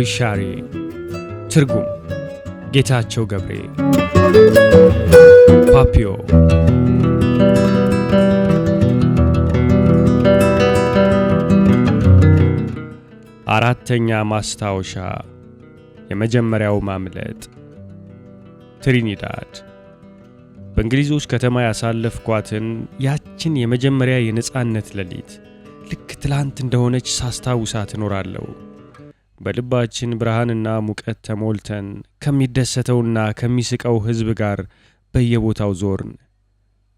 ኦሪሻሬ ትርጉም ጌታቸው ገብሬ ፓፒዮ አራተኛ ማስታወሻ የመጀመሪያው ማምለጥ ትሪኒዳድ በእንግሊዞች ከተማ ያሳለፍኳትን ያችን የመጀመሪያ የነፃነት ሌሊት ልክ ትላንት እንደሆነች ሳስታውሳ ትኖራለሁ። በልባችን ብርሃንና ሙቀት ተሞልተን ከሚደሰተውና ከሚስቀው ሕዝብ ጋር በየቦታው ዞርን።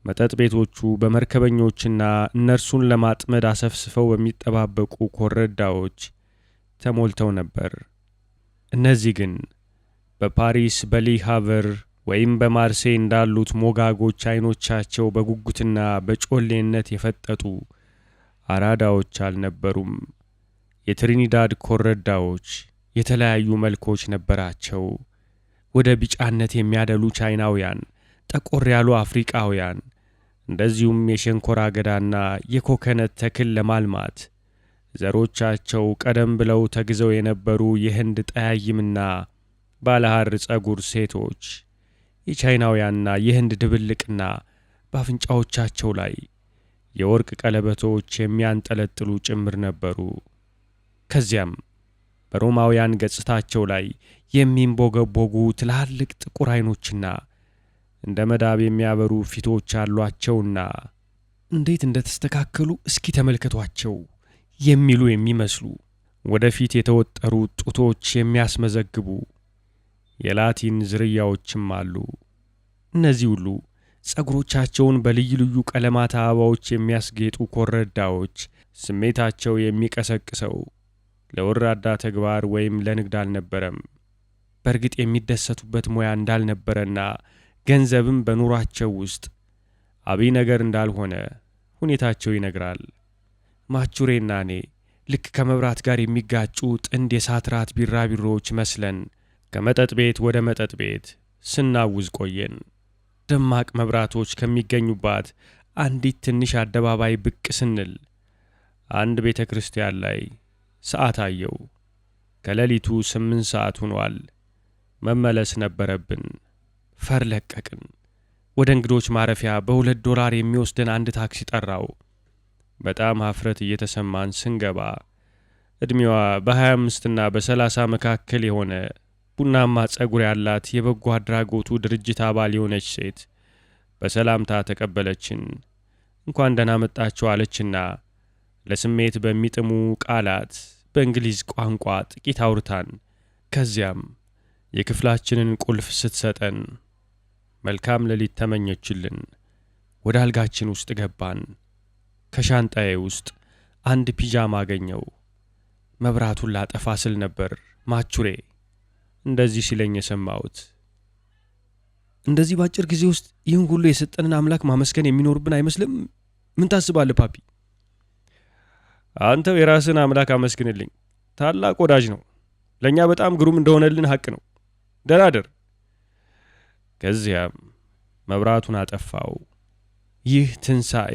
መጠጥ ቤቶቹ በመርከበኞችና እነርሱን ለማጥመድ አሰፍስፈው በሚጠባበቁ ኮረዳዎች ተሞልተው ነበር። እነዚህ ግን በፓሪስ በሊሃቨር ወይም በማርሴይ እንዳሉት ሞጋጎች አይኖቻቸው በጉጉትና በጮሌነት የፈጠጡ አራዳዎች አልነበሩም። የትሪኒዳድ ኮረዳዎች የተለያዩ መልኮች ነበራቸው። ወደ ቢጫነት የሚያደሉ ቻይናውያን፣ ጠቆር ያሉ አፍሪቃውያን፣ እንደዚሁም የሸንኮራ አገዳና የኮከነት ተክል ለማልማት ዘሮቻቸው ቀደም ብለው ተግዘው የነበሩ የህንድ ጠያይምና ባለሐር ጸጉር ሴቶች የቻይናውያንና የህንድ ድብልቅና በአፍንጫዎቻቸው ላይ የወርቅ ቀለበቶች የሚያንጠለጥሉ ጭምር ነበሩ። ከዚያም በሮማውያን ገጽታቸው ላይ የሚንቦገቦጉ ትላልቅ ጥቁር አይኖችና እንደ መዳብ የሚያበሩ ፊቶች አሏቸውና እንዴት እንደተስተካከሉ እስኪ ተመልከቷቸው የሚሉ የሚመስሉ ወደፊት የተወጠሩ ጡቶች የሚያስመዘግቡ የላቲን ዝርያዎችም አሉ። እነዚህ ሁሉ ጸጉሮቻቸውን በልዩ ልዩ ቀለማት አበባዎች የሚያስጌጡ ኮረዳዎች ስሜታቸው የሚቀሰቅሰው ለወራዳ ተግባር ወይም ለንግድ አልነበረም። በእርግጥ የሚደሰቱበት ሙያ እንዳልነበረና ገንዘብም በኑሯቸው ውስጥ አብይ ነገር እንዳልሆነ ሁኔታቸው ይነግራል። ማቹሬና እኔ ልክ ከመብራት ጋር የሚጋጩ ጥንድ የሳት ራት ቢራቢሮዎች መስለን ከመጠጥ ቤት ወደ መጠጥ ቤት ስናውዝ ቆየን። ደማቅ መብራቶች ከሚገኙባት አንዲት ትንሽ አደባባይ ብቅ ስንል አንድ ቤተ ክርስቲያን ላይ ሰዓት አየው። ከሌሊቱ ስምንት ሰዓት ሆኗል። መመለስ ነበረብን። ፈርለቀቅን ወደ እንግዶች ማረፊያ በሁለት ዶላር የሚወስደን አንድ ታክሲ ጠራው። በጣም ሀፍረት እየተሰማን ስንገባ ዕድሜዋ በ25ና በ30 መካከል የሆነ ቡናማ ጸጉር ያላት የበጎ አድራጎቱ ድርጅት አባል የሆነች ሴት በሰላምታ ተቀበለችን። እንኳን ደህና መጣችሁ አለችና ለስሜት በሚጥሙ ቃላት በእንግሊዝ ቋንቋ ጥቂት አውርታን፣ ከዚያም የክፍላችንን ቁልፍ ስትሰጠን መልካም ሌሊት ተመኘችልን። ወደ አልጋችን ውስጥ ገባን። ከሻንጣዬ ውስጥ አንድ ፒጃማ አገኘው። መብራቱን ላጠፋ ስል ነበር ማቹሬ እንደዚህ ሲለኝ የሰማሁት። እንደዚህ በአጭር ጊዜ ውስጥ ይህን ሁሉ የሰጠንን አምላክ ማመስገን የሚኖርብን አይመስልም? ምን ታስባለህ ፓፒ? አንተው የራስን አምላክ አመስግንልኝ። ታላቅ ወዳጅ ነው። ለእኛ በጣም ግሩም እንደሆነልን ሀቅ ነው። ደራደር። ከዚያም መብራቱን አጠፋው። ይህ ትንሣኤ፣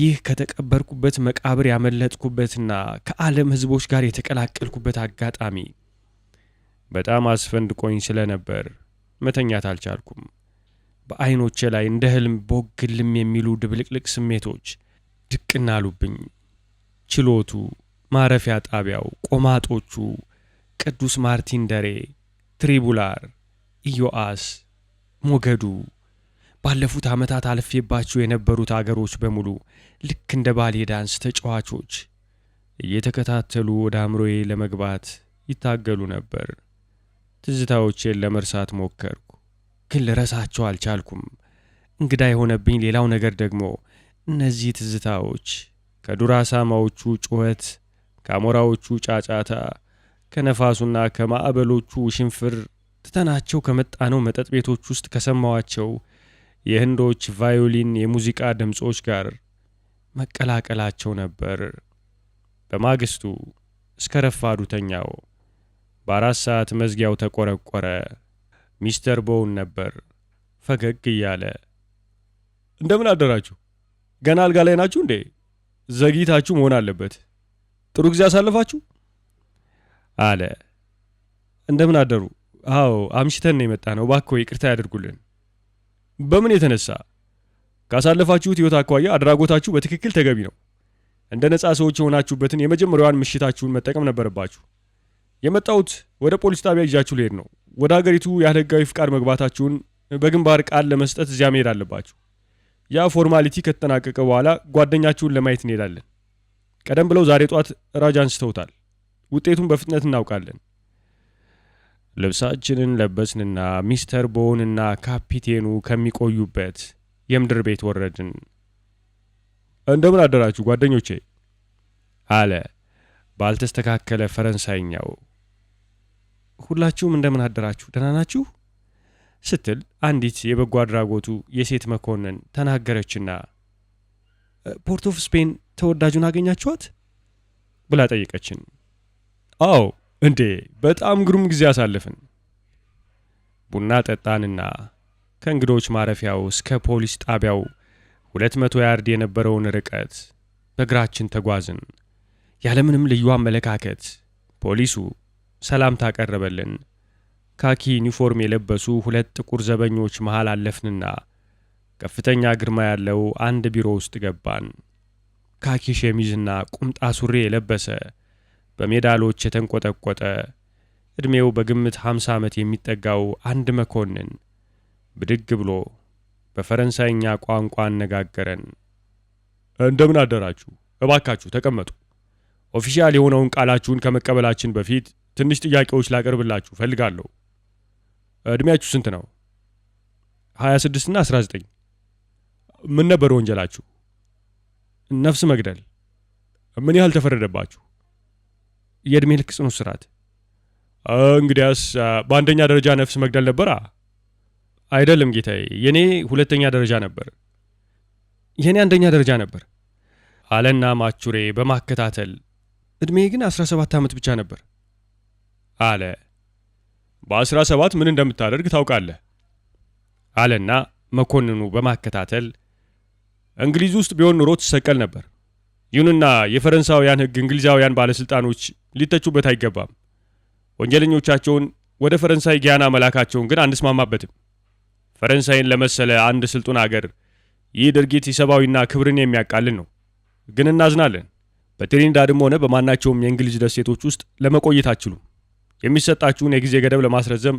ይህ ከተቀበርኩበት መቃብር ያመለጥኩበትና ከዓለም ሕዝቦች ጋር የተቀላቀልኩበት አጋጣሚ በጣም አስፈንድቆኝ ስለነበር መተኛት አልቻልኩም። በዐይኖቼ ላይ እንደ ሕልም ቦግልም የሚሉ ድብልቅልቅ ስሜቶች ድቅና አሉብኝ። ችሎቱ፣ ማረፊያ ጣቢያው፣ ቆማጦቹ፣ ቅዱስ ማርቲን ደሬ፣ ትሪቡላር፣ ኢዮአስ፣ ሞገዱ ባለፉት ዓመታት አልፌባቸው የነበሩት አገሮች በሙሉ ልክ እንደ ባሌ ዳንስ ተጫዋቾች እየተከታተሉ ወደ አእምሮዬ ለመግባት ይታገሉ ነበር። ትዝታዎቼን ለመርሳት ሞከርኩ፣ ግን ልረሳቸው አልቻልኩም። እንግዳ የሆነብኝ ሌላው ነገር ደግሞ እነዚህ ትዝታዎች ከዱር አሳማዎቹ ጩኸት፣ ከአሞራዎቹ ጫጫታ፣ ከነፋሱና ከማዕበሎቹ ሽንፍር ትተናቸው ከመጣነው መጠጥ ቤቶች ውስጥ ከሰማዋቸው የህንዶች ቫዮሊን የሙዚቃ ድምፆች ጋር መቀላቀላቸው ነበር። በማግስቱ እስከ ረፋዱ ተኛው። በአራት ሰዓት መዝጊያው ተቆረቆረ። ሚስተር ቦውን ነበር ፈገግ እያለ እንደምን አደራችሁ? ገና አልጋ ላይ ናችሁ እንዴ? ዘግይታችሁ መሆን አለበት። ጥሩ ጊዜ አሳለፋችሁ አለ። እንደምን አደሩ? አዎ አምሽተን ነው የመጣ ነው። እባክዎ ይቅርታ ያደርጉልን። በምን የተነሳ? ካሳለፋችሁት ህይወት አኳያ አድራጎታችሁ በትክክል ተገቢ ነው። እንደ ነጻ ሰዎች የሆናችሁበትን የመጀመሪያዋን ምሽታችሁን መጠቀም ነበረባችሁ። የመጣሁት ወደ ፖሊስ ጣቢያ ይዣችሁ ልሄድ ነው። ወደ አገሪቱ ያለ ፍቃድ መግባታችሁን በግንባር ቃል ለመስጠት እዚያ መሄድ አለባችሁ። ያ ፎርማሊቲ ከተጠናቀቀ በኋላ ጓደኛችሁን ለማየት እንሄዳለን። ቀደም ብለው ዛሬ ጧት ራጅ አንስተውታል። ውጤቱን በፍጥነት እናውቃለን። ልብሳችንን ለበስንና ሚስተር ቦውንና ካፒቴኑ ከሚቆዩበት የምድር ቤት ወረድን። እንደምን አደራችሁ ጓደኞቼ አለ ባልተስተካከለ ፈረንሳይኛው። ሁላችሁም እንደምን አደራችሁ? ደህና ናችሁ? ስትል አንዲት የበጎ አድራጎቱ የሴት መኮንን ተናገረችና ፖርት ኦፍ ስፔን ተወዳጁን አገኛችኋት ብላ ጠየቀችን። አዎ እንዴ፣ በጣም ግሩም ጊዜ አሳልፍን። ቡና ጠጣንና ከእንግዶች ማረፊያው እስከ ፖሊስ ጣቢያው ሁለት መቶ ያርድ የነበረውን ርቀት በእግራችን ተጓዝን። ያለምንም ልዩ አመለካከት ፖሊሱ ሰላምታ ቀረበልን። ካኪ ዩኒፎርም የለበሱ ሁለት ጥቁር ዘበኞች መሃል አለፍንና ከፍተኛ ግርማ ያለው አንድ ቢሮ ውስጥ ገባን። ካኪ ሸሚዝና ቁምጣ ሱሪ የለበሰ በሜዳሎች የተንቆጠቆጠ ዕድሜው በግምት ሐምሳ ዓመት የሚጠጋው አንድ መኮንን ብድግ ብሎ በፈረንሳይኛ ቋንቋ አነጋገረን። እንደምን አደራችሁ፣ እባካችሁ ተቀመጡ። ኦፊሻል የሆነውን ቃላችሁን ከመቀበላችን በፊት ትንሽ ጥያቄዎች ላቀርብላችሁ ፈልጋለሁ። እድሜያችሁ ስንት ነው? 26 እና 19። ምን ነበር ወንጀላችሁ? ነፍስ መግደል። ምን ያህል ተፈረደባችሁ? የእድሜ ልክ ጽኑ እስራት። እንግዲያስ በአንደኛ ደረጃ ነፍስ መግደል ነበራ? አይደለም ጌታዬ፣ የኔ ሁለተኛ ደረጃ ነበር። የኔ አንደኛ ደረጃ ነበር አለና ማቹሬ በማከታተል እድሜ ግን 17 ዓመት ብቻ ነበር አለ። በአስራ ሰባት ምን እንደምታደርግ ታውቃለህ አለና መኮንኑ በማከታተል እንግሊዝ ውስጥ ቢሆን ኑሮ ትሰቀል ነበር። ይሁንና የፈረንሳውያን ህግ እንግሊዛውያን ባለሥልጣኖች ሊተቹበት አይገባም። ወንጀለኞቻቸውን ወደ ፈረንሳይ ጊያና መላካቸውን ግን አንስማማበትም። ፈረንሳይን ለመሰለ አንድ ስልጡን አገር ይህ ድርጊት የሰብአዊና ክብርን የሚያቃልን ነው። ግን እናዝናለን። በትሪኒዳድም ሆነ በማናቸውም የእንግሊዝ ደሴቶች ውስጥ ለመቆየት አችሉም። የሚሰጣችሁን የጊዜ ገደብ ለማስረዘም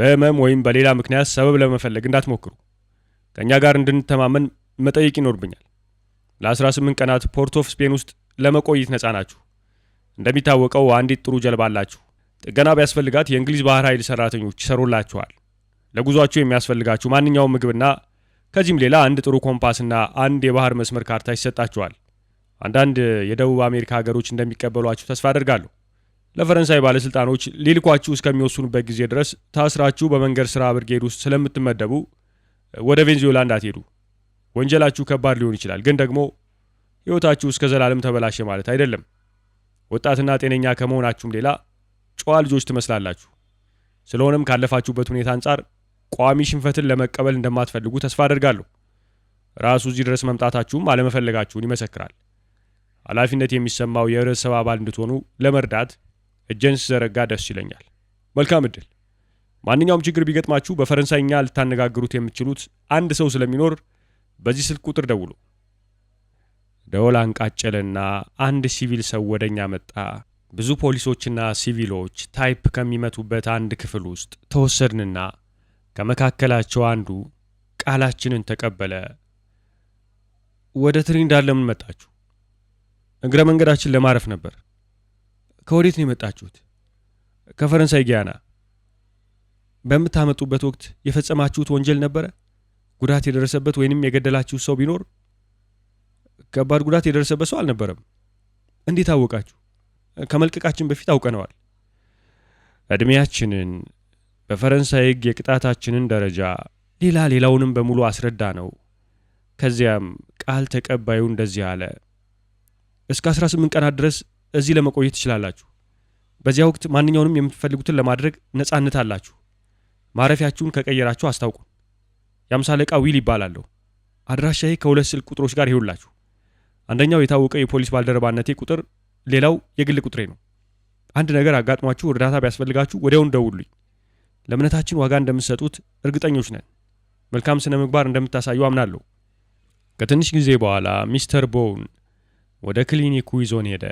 በህመም ወይም በሌላ ምክንያት ሰበብ ለመፈለግ እንዳትሞክሩ። ከእኛ ጋር እንድንተማመን መጠየቅ ይኖርብኛል። ለ18 ቀናት ፖርት ኦፍ ስፔን ውስጥ ለመቆየት ነፃ ናችሁ። እንደሚታወቀው አንዲት ጥሩ ጀልባ አላችሁ። ጥገና ቢያስፈልጋት የእንግሊዝ ባህር ኃይል ሰራተኞች ይሰሩላችኋል። ለጉዟችሁ የሚያስፈልጋችሁ ማንኛውም ምግብና ከዚህም ሌላ አንድ ጥሩ ኮምፓስና አንድ የባህር መስመር ካርታ ይሰጣችኋል። አንዳንድ የደቡብ አሜሪካ ሀገሮች እንደሚቀበሏችሁ ተስፋ አደርጋለሁ። ለፈረንሳይ ባለሥልጣኖች ሊልኳችሁ እስከሚወስኑበት ጊዜ ድረስ ታስራችሁ በመንገድ ሥራ ብርጌድ ውስጥ ስለምትመደቡ ወደ ቬንዙዌላ እንዳትሄዱ። ወንጀላችሁ ከባድ ሊሆን ይችላል፣ ግን ደግሞ ሕይወታችሁ እስከ ዘላለም ተበላሸ ማለት አይደለም። ወጣትና ጤነኛ ከመሆናችሁም ሌላ ጨዋ ልጆች ትመስላላችሁ። ስለሆነም ካለፋችሁበት ሁኔታ አንጻር ቋሚ ሽንፈትን ለመቀበል እንደማትፈልጉ ተስፋ አደርጋለሁ። ራሱ እዚህ ድረስ መምጣታችሁም አለመፈለጋችሁን ይመሰክራል። ኃላፊነት የሚሰማው የኅብረተሰብ አባል እንድትሆኑ ለመርዳት እጄን ስዘረጋ ደስ ይለኛል። መልካም እድል። ማንኛውም ችግር ቢገጥማችሁ በፈረንሳይኛ ልታነጋግሩት የምትችሉት አንድ ሰው ስለሚኖር በዚህ ስልክ ቁጥር ደውሉ። ደወል አንቃጨለና አንድ ሲቪል ሰው ወደኛ መጣ። ብዙ ፖሊሶችና ሲቪሎች ታይፕ ከሚመቱበት አንድ ክፍል ውስጥ ተወሰድንና ከመካከላቸው አንዱ ቃላችንን ተቀበለ። ወደ ትሪ ለምን መጣችሁ? እግረ መንገዳችን ለማረፍ ነበር። ከወዴት ነው የመጣችሁት? ከፈረንሳይ ጊያና። በምታመጡበት ወቅት የፈጸማችሁት ወንጀል ነበረ? ጉዳት የደረሰበት ወይንም የገደላችሁ ሰው ቢኖር? ከባድ ጉዳት የደረሰበት ሰው አልነበረም። እንዴት አወቃችሁ? ከመልቀቃችን በፊት አውቀነዋል። ዕድሜያችንን በፈረንሳይ ሕግ የቅጣታችንን ደረጃ ሌላ ሌላውንም በሙሉ አስረዳ ነው። ከዚያም ቃል ተቀባዩ እንደዚህ አለ፣ እስከ 18 ቀናት ድረስ እዚህ ለመቆየት ትችላላችሁ። በዚያ ወቅት ማንኛውንም የምትፈልጉትን ለማድረግ ነፃነት አላችሁ። ማረፊያችሁን ከቀየራችሁ አስታውቁን። የአምሳ አለቃ ዊል ይባላለሁ። አድራሻዬ ከሁለት ስልክ ቁጥሮች ጋር ይሄውላችሁ። አንደኛው የታወቀ የፖሊስ ባልደረባነቴ ቁጥር፣ ሌላው የግል ቁጥሬ ነው። አንድ ነገር አጋጥሟችሁ እርዳታ ቢያስፈልጋችሁ ወዲያውን ደውሉኝ። ለእምነታችን ዋጋ እንደምትሰጡት እርግጠኞች ነን። መልካም ስነ ምግባር እንደምታሳዩ አምናለሁ። ከትንሽ ጊዜ በኋላ ሚስተር ቦውን ወደ ክሊኒኩ ይዞን ሄደ።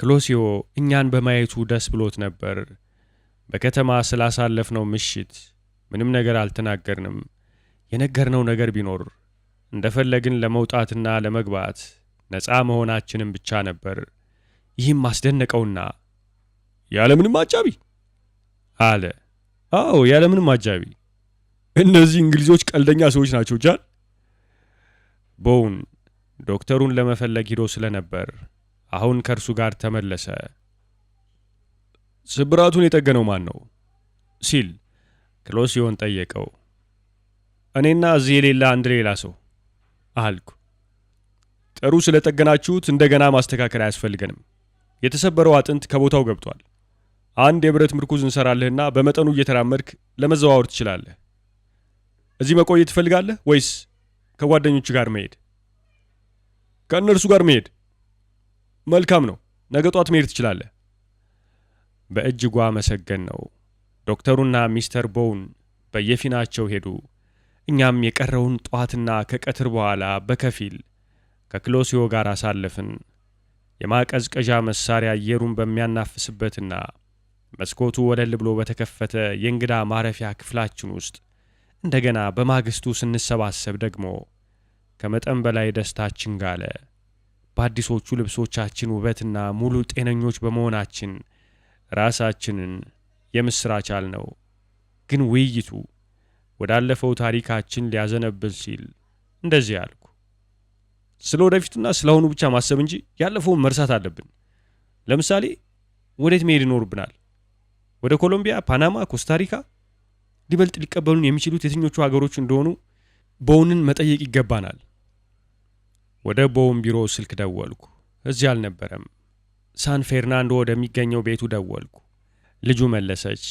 ክሎሲዮ እኛን በማየቱ ደስ ብሎት ነበር። በከተማ ስላሳለፍነው ምሽት ምንም ነገር አልተናገርንም። የነገርነው ነገር ቢኖር እንደፈለግን ለመውጣትና ለመግባት ነፃ መሆናችንም ብቻ ነበር። ይህም አስደነቀውና ያለምንም አጃቢ አለ። አዎ ያለምንም አጃቢ። እነዚህ እንግሊዞች ቀልደኛ ሰዎች ናቸው። ጃን ቦውን ዶክተሩን ለመፈለግ ሂዶ ስለነበር አሁን ከእርሱ ጋር ተመለሰ። ስብራቱን የጠገነው ማን ነው ሲል ክሎሲዮን ጠየቀው። እኔና እዚህ የሌላ አንድ ሌላ ሰው አልኩ። ጥሩ ስለጠገናችሁት እንደገና ማስተካከል አያስፈልገንም። የተሰበረው አጥንት ከቦታው ገብቷል። አንድ የብረት ምርኩዝ እንሰራልህና በመጠኑ እየተራመድክ ለመዘዋወር ትችላለህ። እዚህ መቆየት ትፈልጋለህ ወይስ ከጓደኞቹ ጋር መሄድ? ከእነርሱ ጋር መሄድ መልካም ነው፣ ነገ ጧት መሄድ ትችላለህ። በእጅጉ አመሰገን ነው። ዶክተሩና ሚስተር ቦውን በየፊናቸው ሄዱ። እኛም የቀረውን ጠዋትና ከቀትር በኋላ በከፊል ከክሎሲዮ ጋር አሳለፍን። የማቀዝቀዣ መሳሪያ አየሩን በሚያናፍስበትና መስኮቱ ወለል ብሎ በተከፈተ የእንግዳ ማረፊያ ክፍላችን ውስጥ እንደገና በማግስቱ ስንሰባሰብ ደግሞ ከመጠን በላይ ደስታችን ጋለ። በአዲሶቹ ልብሶቻችን ውበትና ሙሉ ጤነኞች በመሆናችን ራሳችንን የምስራች አልነው። ግን ውይይቱ ወዳለፈው ታሪካችን ሊያዘነብል ሲል እንደዚህ አልኩ። ስለ ወደፊቱና ስለ አሁኑ ብቻ ማሰብ እንጂ ያለፈውን መርሳት አለብን። ለምሳሌ ወዴት መሄድ ይኖርብናል? ወደ ኮሎምቢያ፣ ፓናማ፣ ኮስታሪካ? ሊበልጥ ሊቀበሉን የሚችሉት የትኞቹ ሀገሮች እንደሆኑ በውንን መጠየቅ ይገባናል። ወደ ቦውን ቢሮ ስልክ ደወልኩ። እዚህ አልነበረም። ሳን ፌርናንዶ ወደሚገኘው ቤቱ ደወልኩ። ልጁ መለሰች።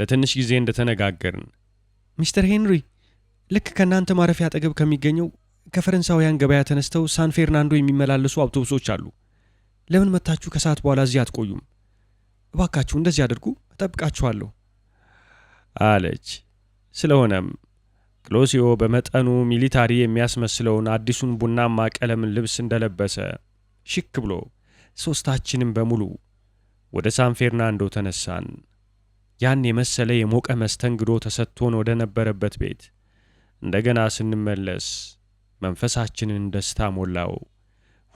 ለትንሽ ጊዜ እንደተነጋገርን ሚስተር ሄንሪ ልክ ከእናንተ ማረፊያ አጠገብ ከሚገኘው ከፈረንሳውያን ገበያ ተነስተው ሳን ፌርናንዶ የሚመላለሱ አውቶቡሶች አሉ። ለምን መታችሁ ከሰዓት በኋላ እዚህ አትቆዩም? እባካችሁ እንደዚህ አድርጉ፣ እጠብቃችኋለሁ አለች። ስለሆነም ክሎሲዮ በመጠኑ ሚሊታሪ የሚያስመስለውን አዲሱን ቡናማ ቀለምን ልብስ እንደለበሰ ሽክ ብሎ ሦስታችንም በሙሉ ወደ ሳን ፌርናንዶ ተነሳን። ያን የመሰለ የሞቀ መስተንግዶ ተሰጥቶን ወደ ነበረበት ቤት እንደገና ስንመለስ መንፈሳችንን ደስታ ሞላው።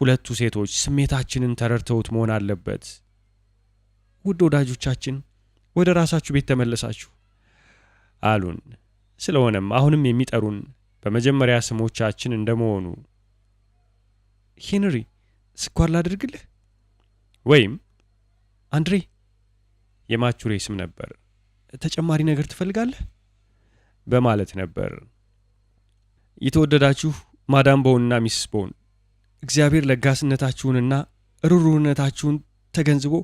ሁለቱ ሴቶች ስሜታችንን ተረድተውት መሆን አለበት። ውድ ወዳጆቻችን ወደ ራሳችሁ ቤት ተመለሳችሁ አሉን። ስለሆነም አሁንም የሚጠሩን በመጀመሪያ ስሞቻችን እንደመሆኑ ሄንሪ ስኳር ላድርግልህ ወይም አንድሬ የማቹሬ ስም ነበር። ተጨማሪ ነገር ትፈልጋለህ በማለት ነበር። የተወደዳችሁ ማዳም ቦውንና ሚስስ ቦውን እግዚአብሔር ለጋስነታችሁንና ርሩነታችሁን ተገንዝቦ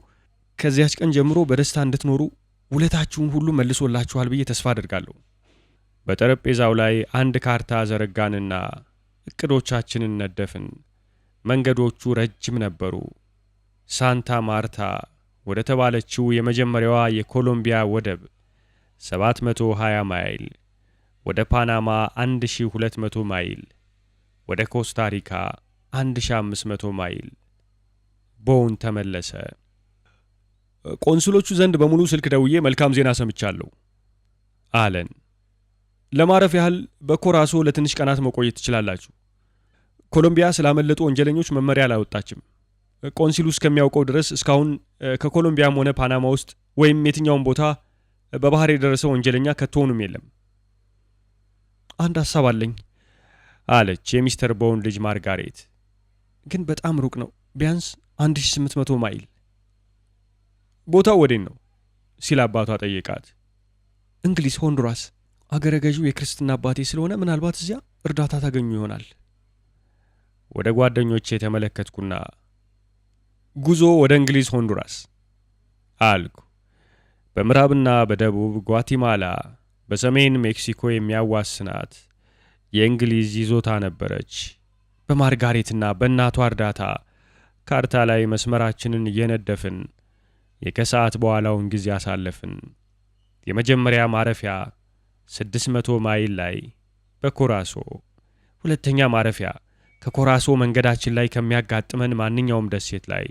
ከዚያች ቀን ጀምሮ በደስታ እንድትኖሩ ውለታችሁን ሁሉ መልሶላችኋል ብዬ ተስፋ አድርጋለሁ። በጠረጴዛው ላይ አንድ ካርታ ዘረጋንና እቅዶቻችንን ነደፍን። መንገዶቹ ረጅም ነበሩ። ሳንታ ማርታ ወደ ተባለችው የመጀመሪያዋ የኮሎምቢያ ወደብ 720 ማይል፣ ወደ ፓናማ 1200 ማይል፣ ወደ ኮስታሪካ 1500 ማይል። ቦውን ተመለሰ። ቆንስሎቹ ዘንድ በሙሉ ስልክ ደውዬ መልካም ዜና ሰምቻለሁ አለን። ለማረፍ ያህል በኮራሶ ለትንሽ ቀናት መቆየት ትችላላችሁ። ኮሎምቢያ ስላመለጡ ወንጀለኞች መመሪያ አላወጣችም። ቆንሲሉ እስከሚያውቀው ድረስ እስካሁን ከኮሎምቢያም ሆነ ፓናማ ውስጥ ወይም የትኛውም ቦታ በባህር የደረሰ ወንጀለኛ ከቶሆኑም የለም። አንድ ሀሳብ አለኝ አለች የሚስተር ቦውን ልጅ ማርጋሬት። ግን በጣም ሩቅ ነው፣ ቢያንስ 1800 ማይል። ቦታው ወዴን ነው ሲል አባቷ ጠየቃት። እንግሊዝ፣ ሆንዱራስ አገረ ገዢው የክርስትና አባቴ ስለሆነ ምናልባት እዚያ እርዳታ ታገኙ ይሆናል። ወደ ጓደኞቼ የተመለከትኩና ጉዞ ወደ እንግሊዝ ሆንዱራስ አልኩ። በምዕራብና በደቡብ ጓቲማላ በሰሜን ሜክሲኮ የሚያዋስናት የእንግሊዝ ይዞታ ነበረች። በማርጋሬትና በእናቷ እርዳታ ካርታ ላይ መስመራችንን እየነደፍን የከሰዓት በኋላውን ጊዜ አሳለፍን። የመጀመሪያ ማረፊያ 600 ማይል ላይ በኮራሶ ሁለተኛ ማረፊያ ከኮራሶ መንገዳችን ላይ ከሚያጋጥመን ማንኛውም ደሴት ላይ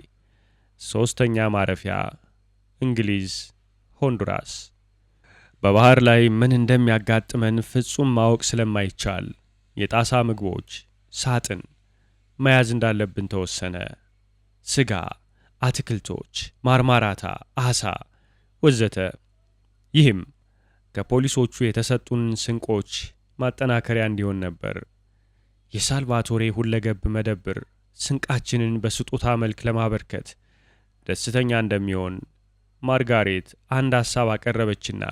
ሦስተኛ ማረፊያ እንግሊዝ ሆንዱራስ። በባህር ላይ ምን እንደሚያጋጥመን ፍጹም ማወቅ ስለማይቻል የጣሳ ምግቦች ሳጥን መያዝ እንዳለብን ተወሰነ። ስጋ፣ አትክልቶች፣ ማርማራታ፣ አሳ ወዘተ። ይህም ከፖሊሶቹ የተሰጡን ስንቆች ማጠናከሪያ እንዲሆን ነበር። የሳልቫቶሬ ሁለገብ መደብር ስንቃችንን በስጦታ መልክ ለማበርከት ደስተኛ እንደሚሆን ማርጋሬት አንድ ሐሳብ አቀረበችና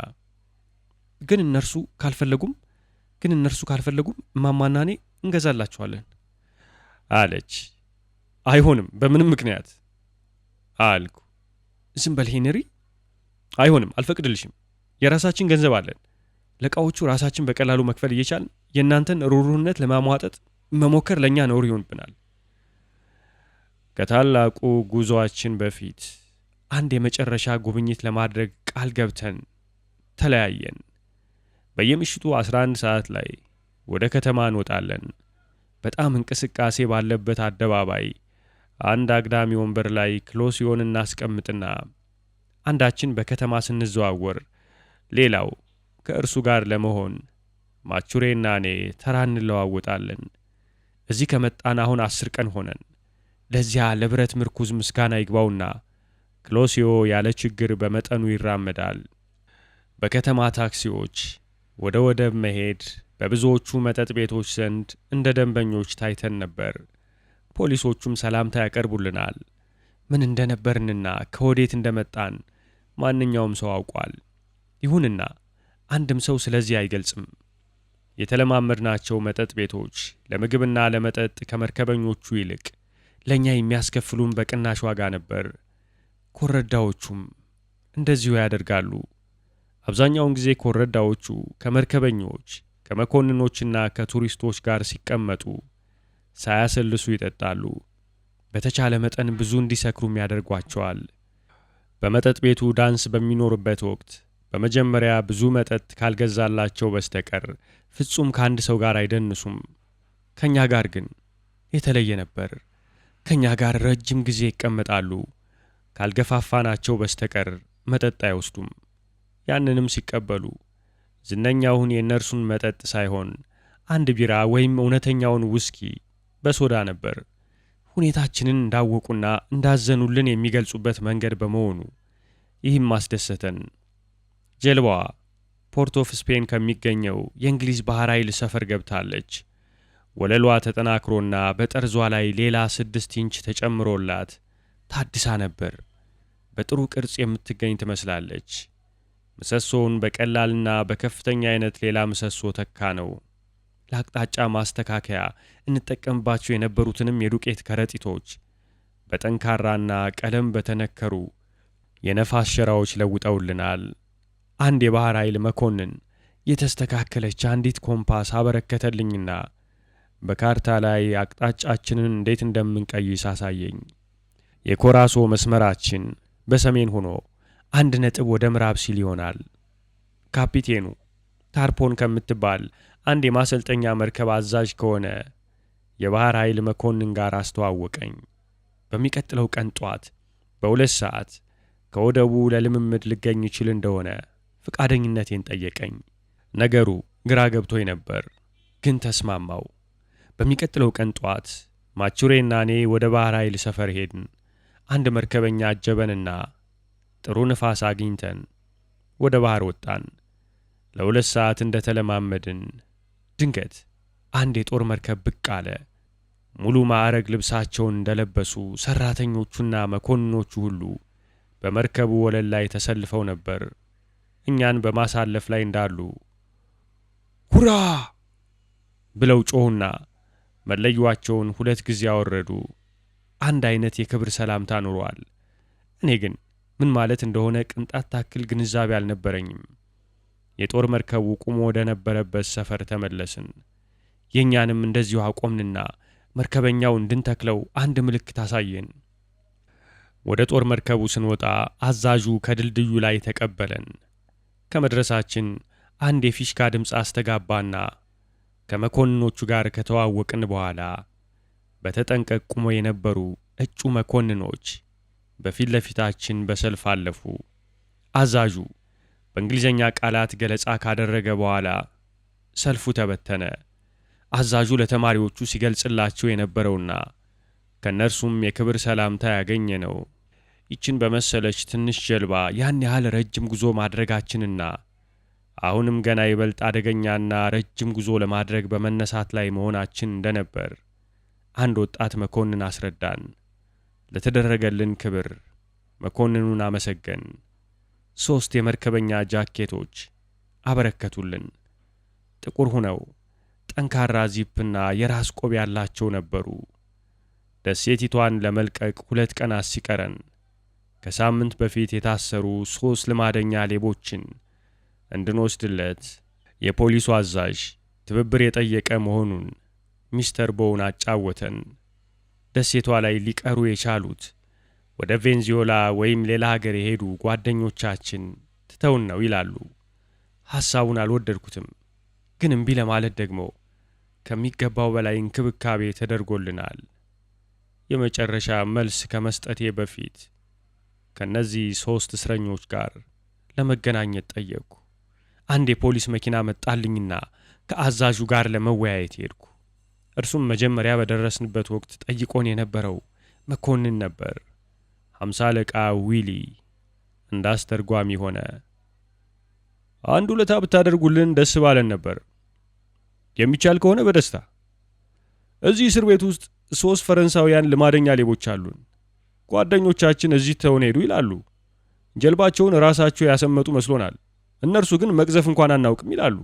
ግን እነርሱ ካልፈለጉም ግን እነርሱ ካልፈለጉም እማማና እኔ አለች። አይሆንም፣ በምንም ምክንያት አልኩ። ዝም በል አይሆንም፣ አልፈቅድልሽም የራሳችን ገንዘብ አለን። ለእቃዎቹ ራሳችን በቀላሉ መክፈል እየቻልን የእናንተን ሩሩህነት ለማሟጠጥ መሞከር ለእኛ ነውር ይሆንብናል። ከታላቁ ጉዞአችን በፊት አንድ የመጨረሻ ጉብኝት ለማድረግ ቃል ገብተን ተለያየን። በየምሽቱ 11 ሰዓት ላይ ወደ ከተማ እንወጣለን። በጣም እንቅስቃሴ ባለበት አደባባይ አንድ አግዳሚ ወንበር ላይ ክሎሲዮን እናስቀምጥና አንዳችን በከተማ ስንዘዋወር ሌላው ከእርሱ ጋር ለመሆን ማቹሬና እኔ ተራ እንለዋወጣለን። እዚህ ከመጣን አሁን አስር ቀን ሆነን። ለዚያ ለብረት ምርኩዝ ምስጋና ይግባውና ክሎሲዮ ያለ ችግር በመጠኑ ይራመዳል። በከተማ ታክሲዎች ወደ ወደብ መሄድ በብዙዎቹ መጠጥ ቤቶች ዘንድ እንደ ደንበኞች ታይተን ነበር። ፖሊሶቹም ሰላምታ ያቀርቡልናል። ምን እንደነበርንና ከወዴት እንደመጣን ማንኛውም ሰው አውቋል። ይሁንና አንድም ሰው ስለዚህ አይገልጽም። የተለማመድናቸው መጠጥ ቤቶች ለምግብና ለመጠጥ ከመርከበኞቹ ይልቅ ለእኛ የሚያስከፍሉን በቅናሽ ዋጋ ነበር። ኮረዳዎቹም እንደዚሁ ያደርጋሉ። አብዛኛውን ጊዜ ኮረዳዎቹ ከመርከበኞች ከመኮንኖችና ከቱሪስቶች ጋር ሲቀመጡ ሳያሰልሱ ይጠጣሉ። በተቻለ መጠን ብዙ እንዲሰክሩም ያደርጓቸዋል። በመጠጥ ቤቱ ዳንስ በሚኖርበት ወቅት በመጀመሪያ ብዙ መጠጥ ካልገዛላቸው በስተቀር ፍጹም ከአንድ ሰው ጋር አይደንሱም። ከእኛ ጋር ግን የተለየ ነበር። ከእኛ ጋር ረጅም ጊዜ ይቀመጣሉ። ካልገፋፋናቸው በስተቀር መጠጥ አይወስዱም። ያንንም ሲቀበሉ ዝነኛውን የእነርሱን መጠጥ ሳይሆን አንድ ቢራ ወይም እውነተኛውን ውስኪ በሶዳ ነበር። ሁኔታችንን እንዳወቁና እንዳዘኑልን የሚገልጹበት መንገድ በመሆኑ ይህም አስደሰተን። ጀልባዋ ፖርት ኦፍ ስፔን ከሚገኘው የእንግሊዝ ባህር ኃይል ሰፈር ገብታለች። ወለሏ ተጠናክሮና በጠርዟ ላይ ሌላ ስድስት ኢንች ተጨምሮላት ታድሳ ነበር። በጥሩ ቅርጽ የምትገኝ ትመስላለች። ምሰሶውን በቀላልና በከፍተኛ አይነት ሌላ ምሰሶ ተካ ነው። ለአቅጣጫ ማስተካከያ እንጠቀምባቸው የነበሩትንም የዱቄት ከረጢቶች በጠንካራና ቀለም በተነከሩ የነፋስ ሸራዎች ለውጠውልናል። አንድ የባህር ኃይል መኮንን የተስተካከለች አንዲት ኮምፓስ አበረከተልኝና በካርታ ላይ አቅጣጫችንን እንዴት እንደምንቀይስ አሳየኝ። የኮራሶ መስመራችን በሰሜን ሆኖ አንድ ነጥብ ወደ ምዕራብ ሲል ይሆናል። ካፒቴኑ ታርፖን ከምትባል አንድ የማሰልጠኛ መርከብ አዛዥ ከሆነ የባሕር ኃይል መኮንን ጋር አስተዋወቀኝ። በሚቀጥለው ቀን ጧት በሁለት ሰዓት ከወደቡ ለልምምድ ልገኝ ይችል እንደሆነ ፈቃደኝነቴን ጠየቀኝ። ነገሩ ግራ ገብቶኝ ነበር፣ ግን ተስማማው። በሚቀጥለው ቀን ጧት ማቹሬና እኔ ወደ ባህር ኃይል ሰፈር ሄድን። አንድ መርከበኛ አጀበንና ጥሩ ንፋስ አግኝተን ወደ ባህር ወጣን። ለሁለት ሰዓት እንደተለማመድን ድንገት አንድ የጦር መርከብ ብቅ አለ። ሙሉ ማዕረግ ልብሳቸውን እንደለበሱ ሰራተኞቹና መኮንኖቹ ሁሉ በመርከቡ ወለል ላይ ተሰልፈው ነበር። እኛን በማሳለፍ ላይ እንዳሉ ሁራ ብለው ጮሁና መለዩዋቸውን ሁለት ጊዜ አወረዱ። አንድ አይነት የክብር ሰላምታ ኑሯል። እኔ ግን ምን ማለት እንደሆነ ቅንጣት ታክል ግንዛቤ አልነበረኝም። የጦር መርከቡ ቁሞ ወደ ነበረበት ሰፈር ተመለስን። የእኛንም እንደዚሁ አቆምንና መርከበኛው እንድንተክለው አንድ ምልክት አሳየን። ወደ ጦር መርከቡ ስንወጣ አዛዡ ከድልድዩ ላይ ተቀበለን። ከመድረሳችን አንድ የፊሽካ ድምፅ አስተጋባና ከመኮንኖቹ ጋር ከተዋወቅን በኋላ በተጠንቀቅ ቁመው የነበሩ እጩ መኮንኖች በፊት ለፊታችን በሰልፍ አለፉ። አዛዡ በእንግሊዝኛ ቃላት ገለጻ ካደረገ በኋላ ሰልፉ ተበተነ። አዛዡ ለተማሪዎቹ ሲገልጽላቸው የነበረውና ከእነርሱም የክብር ሰላምታ ያገኘ ነው። ይችን በመሰለች ትንሽ ጀልባ ያን ያህል ረጅም ጉዞ ማድረጋችንና አሁንም ገና ይበልጥ አደገኛና ረጅም ጉዞ ለማድረግ በመነሳት ላይ መሆናችን እንደነበር አንድ ወጣት መኮንን አስረዳን። ለተደረገልን ክብር መኮንኑን አመሰገን። ሦስት የመርከበኛ ጃኬቶች አበረከቱልን። ጥቁር ሁነው ጠንካራ ዚፕና የራስ ቆብ ያላቸው ነበሩ። ደሴቲቷን ለመልቀቅ ሁለት ቀናት ሲቀረን ከሳምንት በፊት የታሰሩ ሦስት ልማደኛ ሌቦችን እንድንወስድለት የፖሊሱ አዛዥ ትብብር የጠየቀ መሆኑን ሚስተር ቦውን አጫወተን። ደሴቷ ላይ ሊቀሩ የቻሉት ወደ ቬንዚዮላ ወይም ሌላ ሀገር የሄዱ ጓደኞቻችን ትተውን ነው ይላሉ። ሐሳቡን አልወደድኩትም፣ ግን እምቢ ለማለት ደግሞ ከሚገባው በላይ እንክብካቤ ተደርጎልናል። የመጨረሻ መልስ ከመስጠቴ በፊት ከእነዚህ ሦስት እስረኞች ጋር ለመገናኘት ጠየቅኩ። አንድ የፖሊስ መኪና መጣልኝና ከአዛዡ ጋር ለመወያየት ሄድኩ። እርሱም መጀመሪያ በደረስንበት ወቅት ጠይቆን የነበረው መኮንን ነበር። ሐምሳ አለቃ ዊሊ እንዳስተርጓሚ ሆነ። አንድ ውለታ ብታደርጉልን ደስ ባለን ነበር። የሚቻል ከሆነ በደስታ። እዚህ እስር ቤት ውስጥ ሦስት ፈረንሳውያን ልማደኛ ሌቦች አሉን። ጓደኞቻችን እዚህ ተውን ሄዱ ይላሉ። ጀልባቸውን ራሳቸው ያሰመጡ መስሎናል። እነርሱ ግን መቅዘፍ እንኳን አናውቅም ይላሉ።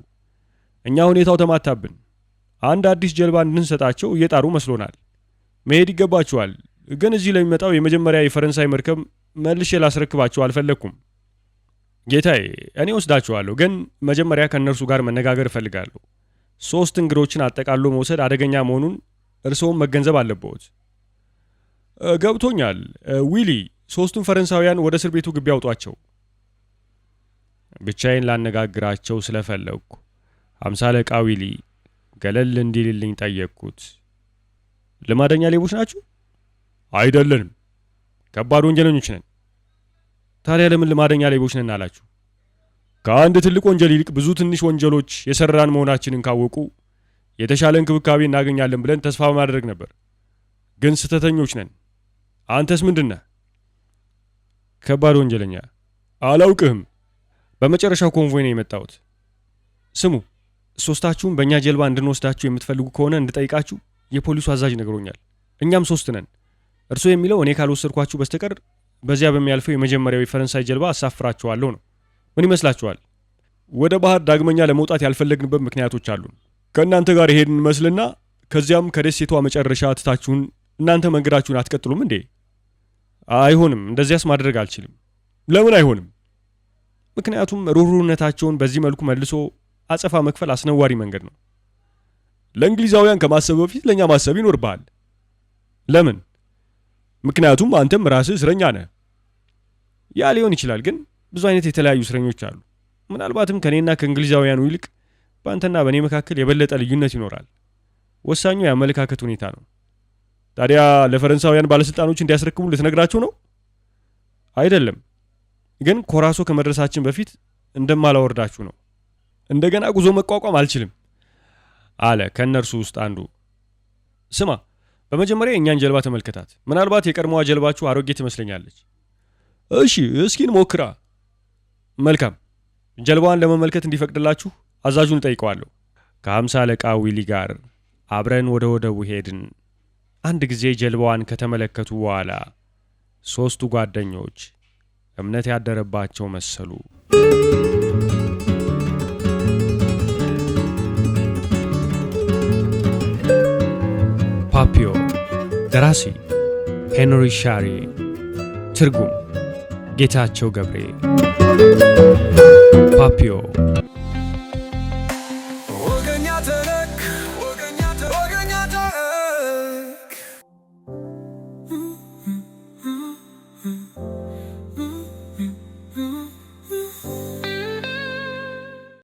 እኛ ሁኔታው ተማታብን። አንድ አዲስ ጀልባ እንድንሰጣቸው እየጣሩ መስሎናል። መሄድ ይገባቸዋል፣ ግን እዚህ ለሚመጣው የመጀመሪያ የፈረንሳይ መርከብ መልሼ ላስረክባቸው አልፈለግኩም። ጌታዬ፣ እኔ ወስዳችኋለሁ፣ ግን መጀመሪያ ከእነርሱ ጋር መነጋገር እፈልጋለሁ። ሶስት እንግዶችን አጠቃሎ መውሰድ አደገኛ መሆኑን እርስዎም መገንዘብ አለብዎት። ገብቶኛል። ዊሊ፣ ሶስቱን ፈረንሳውያን ወደ እስር ቤቱ ግቢ አውጧቸው። ብቻዬን ላነጋግራቸው ስለፈለግኩ አምሳ አለቃ ዊሊ ገለል እንዲልልኝ ጠየቅኩት። ልማደኛ ሌቦች ናችሁ? አይደለንም፣ ከባድ ወንጀለኞች ነን። ታዲያ ለምን ልማደኛ ሌቦች ነን አላችሁ? ከአንድ ትልቅ ወንጀል ይልቅ ብዙ ትንሽ ወንጀሎች የሰራን መሆናችንን ካወቁ የተሻለ እንክብካቤ እናገኛለን ብለን ተስፋ በማድረግ ነበር። ግን ስህተተኞች ነን። አንተስ ነህ? ከባድ ወንጀለኛ። አላውቅህም። በመጨረሻው ኮንቮይ ነው የመጣሁት። ስሙ፣ ሶስታችሁም በእኛ ጀልባ እንድንወስዳችሁ የምትፈልጉ ከሆነ እንድጠይቃችሁ የፖሊሱ አዛዥ ነግሮኛል። እኛም ሶስት ነን። እርሶ የሚለው እኔ ካልወሰድኳችሁ በስተቀር በዚያ በሚያልፈው የመጀመሪያው የፈረንሳይ ጀልባ አሳፍራችኋለሁ ነው። ምን ይመስላችኋል? ወደ ባህር ዳግመኛ ለመውጣት ያልፈለግንበት ምክንያቶች አሉን። ከእናንተ ጋር የሄድን መስልና ከዚያም ከደሴቷ መጨረሻ ትታችሁን እናንተ መንገዳችሁን አትቀጥሉም እንዴ? አይሆንም፣ እንደዚያስ ማድረግ አልችልም። ለምን አይሆንም? ምክንያቱም ሩህሩህነታቸውን በዚህ መልኩ መልሶ አጸፋ መክፈል አስነዋሪ መንገድ ነው። ለእንግሊዛውያን ከማሰብ በፊት ለእኛ ማሰብ ይኖርብሃል። ለምን? ምክንያቱም አንተም ራስህ እስረኛ ነህ። ያ ሊሆን ይችላል፣ ግን ብዙ አይነት የተለያዩ እስረኞች አሉ። ምናልባትም ከእኔና ከእንግሊዛውያኑ ይልቅ በአንተና በእኔ መካከል የበለጠ ልዩነት ይኖራል። ወሳኙ የአመለካከት ሁኔታ ነው። ታዲያ ለፈረንሳውያን ባለስልጣኖች እንዲያስረክቡ ልትነግራችሁ ነው? አይደለም። ግን ኮራሶ ከመድረሳችን በፊት እንደማላወርዳችሁ ነው። እንደገና ጉዞ መቋቋም አልችልም አለ ከእነርሱ ውስጥ አንዱ። ስማ፣ በመጀመሪያ የእኛን ጀልባ ተመልከታት። ምናልባት የቀድሞዋ ጀልባችሁ አሮጌ ትመስለኛለች። እሺ፣ እስኪን ሞክራ። መልካም። ጀልባዋን ለመመልከት እንዲፈቅድላችሁ አዛዡን ጠይቀዋለሁ። ከሀምሳ አለቃ ዊሊ ጋር አብረን ወደ ወደቡ ሄድን። አንድ ጊዜ ጀልባዋን ከተመለከቱ በኋላ ሦስቱ ጓደኞች እምነት ያደረባቸው መሰሉ። ፓፒዮ ደራሲ ሄንሪ ሻሪ፣ ትርጉም ጌታቸው ገብሬ። ፓፒዮ